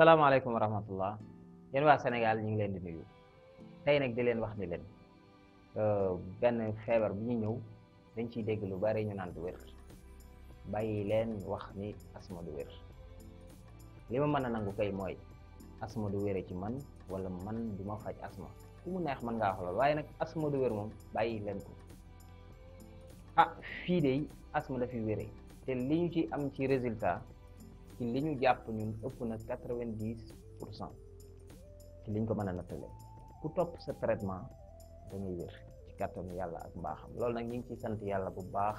salaamaaleykum wa rahmatullah yéen waa Sénégal ñu ngi leen di nuyu tey nag di leen wax ni leen euh, benn feebar bi ñu ñëw dañ ciy dégg lu bari ñu naan du wér bàyyi leen wax ni asma du wér li ma mën a nangu kay mooy asma du wére ci man walla man du ma faj asma ku mu neex mën ngaa xoolal waaye nag asma du wér moom bàyyi leen ko ah fii de asma dafi wére te li ñu ci am ci résultat ci li ñu jàpp ñun ëpp na quatre vingt dix liñ ko mën a nattale ku topp sa traitement da ngay wér ci kàttanu yàlla ak mbaaxam loolu nag ñu ngi ciy sant yàlla bu baax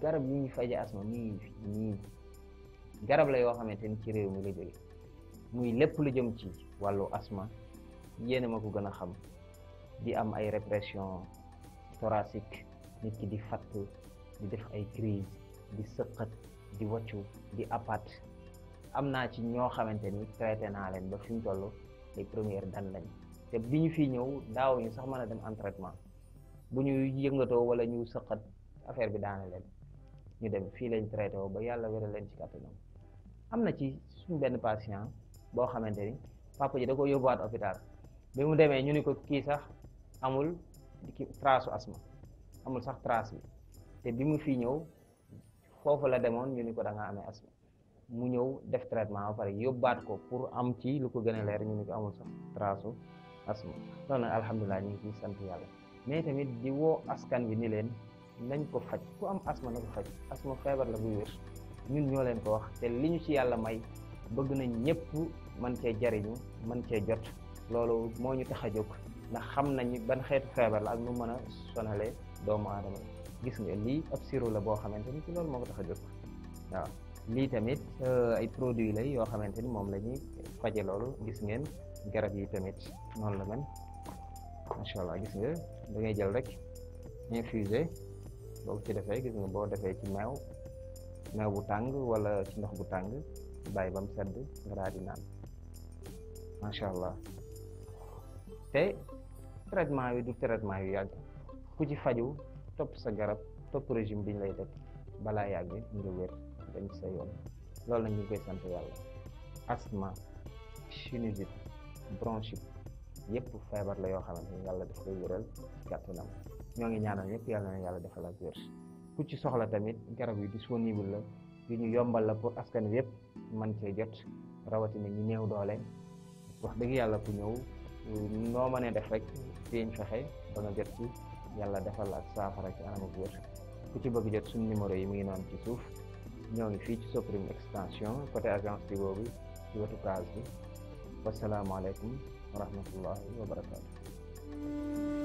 garab yi ñuy faje asma nii nii garab la yoo xamante ni ci réew mi la jóge muy lépp lu jëm ci wàllu asma yéen ma ko gën a xam di am ay répression thoracique nit ki di fatt di def ay crise di sëqat di waccu di apat am naa ci ñoo xamante ni traité naa leen ba fi mu toll les premières dan lañ te bi ñu fii ñëw daaw sax mën a dem en bu ñu yëngatoo wala ñu sëqat affaire bi daana leen ñu dem fii lañ traité ba yàlla wéral ci kàttanam am na ci suñ benn patient boo xamante ni papa ji da ko yóbbuwaat hôpital bi mu demee ñu ni ko kii sax amul ki trace asma amul sax trace bi te bi mu fii ñëw foofu la demoon ñu ni ko da nga asma mu ñëw def traitement ba pare yóbbaat ko pour am ci lu ko gën a leer ñu amul sax trace asma loolu nag alhamdulilah ñu ngi ciy sant yàlla mais tamit di woo askan bi ni leen nañ ko faj ku am asma na ko faj asma feebar la buy wér ñun ñoo leen ko wax te li ñu ci yàlla may bëgg nañ ñëpp man cee jariñu man cee jot loolu moo ñu tax a jóg ndax xam nañ ban xeetu feebar la ak nu mën a sonalee doomu aadama gis nga lii ab sirop la boo xamante ni loolu moo ko tax a jóg waaw lii tamit euh, ay produits lay yoo xamante ni moom la ñuy loolu gis ngeen garab yi tamit noonu la mel macha allah gis nga da jël rek infuser boo ci defee gis nga boo defee ci meew meew bu tàng walla ci ndox bu tàng bàyyi ba mu sedd nga daal di naan macha allah te traitement yi du traitement yu yàgg ku ci faju topp sa garab topp régime bi ñu lay teg balaa yàgg nga wér dañ sa yoon loolu nag koy sant yàlla asthme sinusite bronchite yépp feebar la yoo xamante yàlla def koy wéral ci kàttanam ñoo ngi ñaanal ñëpp yàlla na yàlla defal ak wér ku ci soxla tamit garab yu disponible la yu ñu yombal la pour askan wi yëpp mën cee jot rawatina ñu néew doole wax dëgg yàlla ku ñëw noo mënee def rek feeñ fexe ba jot ci yàlla defal ak saafara ci anam ak ku ci bëgg jot suñu numéro yi mu ngi noonu ci suuf ñoo ngi fii ci Soprim extension côté agence bi boobu ci wetu case bi wasalaamaaleykum wa rahmatullahi wa barakaatu.